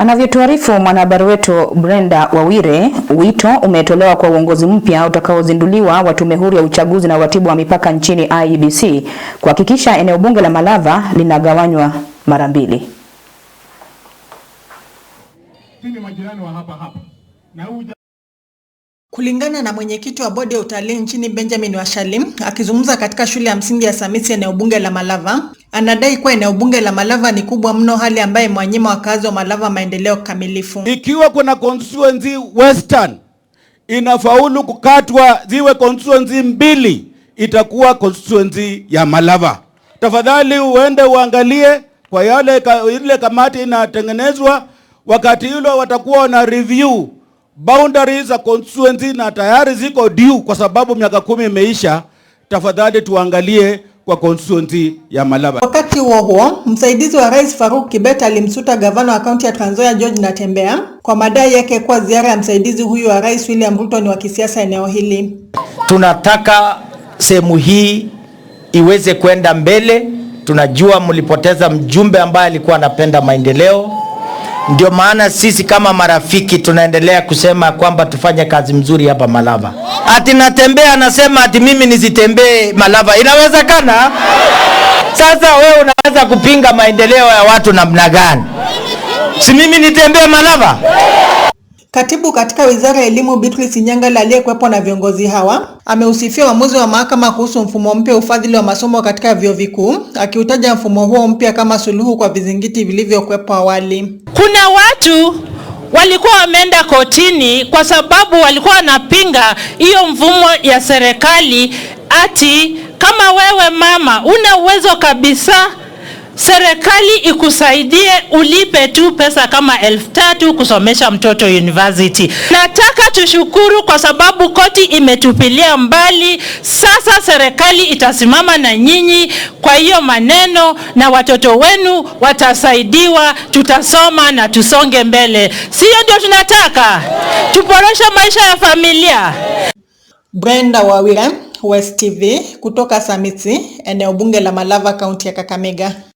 Anavyotuarifu mwanahabari wetu Brenda Wawire, wito umetolewa kwa uongozi mpya utakaozinduliwa wa Tume Huru ya Uchaguzi na Uratibu wa Mipaka nchini IEBC kuhakikisha eneo bunge la Malava linagawanywa mara mbili. Kulingana na mwenyekiti wa bodi ya utalii nchini Benjamin Washalim akizungumza katika shule ya msingi ya Samisi eneo bunge la Malava, Anadai kuwa eneo bunge la Malava ni kubwa mno, hali ambaye mwanyima wakazi wa Malava maendeleo kamilifu. Ikiwa kuna constituency western inafaulu kukatwa ziwe constituency mbili, itakuwa constituency ya Malava. Tafadhali uende uangalie kwa yale ile kamati inatengenezwa, wakati hilo watakuwa na review boundaries za constituency na tayari ziko due, kwa sababu miaka kumi imeisha. Tafadhali tuangalie kwa konstituency ya Malaba. Wakati huo huo, msaidizi wa Rais Faruk Kibet alimsuta gavana wa kaunti ya Trans Nzoia George Natembeya kwa madai yake kuwa ziara ya msaidizi huyu wa Rais William Ruto ni wa kisiasa eneo hili. Tunataka sehemu hii iweze kwenda mbele. Tunajua mlipoteza mjumbe ambaye alikuwa anapenda maendeleo. Ndio maana sisi kama marafiki tunaendelea kusema kwamba tufanye kazi mzuri hapa Malava. Ati natembea anasema ati mimi nizitembee Malava, inawezekana? Sasa wewe unaanza kupinga maendeleo ya watu namna gani? Si mimi nitembee Malava? Katibu katika Wizara ya Elimu Beatrice Nyangala aliyekuwepo na viongozi hawa ameusifia uamuzi wa mahakama kuhusu mfumo mpya ufadhili wa masomo katika vyuo vikuu, akiutaja mfumo huo mpya kama suluhu kwa vizingiti vilivyokuwepo awali. Kuna watu walikuwa wameenda kotini kwa sababu walikuwa wanapinga hiyo mfumo ya serikali, ati kama wewe mama una uwezo kabisa serikali ikusaidie ulipe tu pesa kama elfu tatu kusomesha mtoto university. Nataka tushukuru kwa sababu koti imetupilia mbali. Sasa serikali itasimama na nyinyi kwa hiyo maneno, na watoto wenu watasaidiwa, tutasoma na tusonge mbele, siyo ndio? Tunataka tuboreshe maisha ya familia. Brenda Wawira, West TV, kutoka Samiti, eneo bunge la Malava, kaunti ya Kakamega.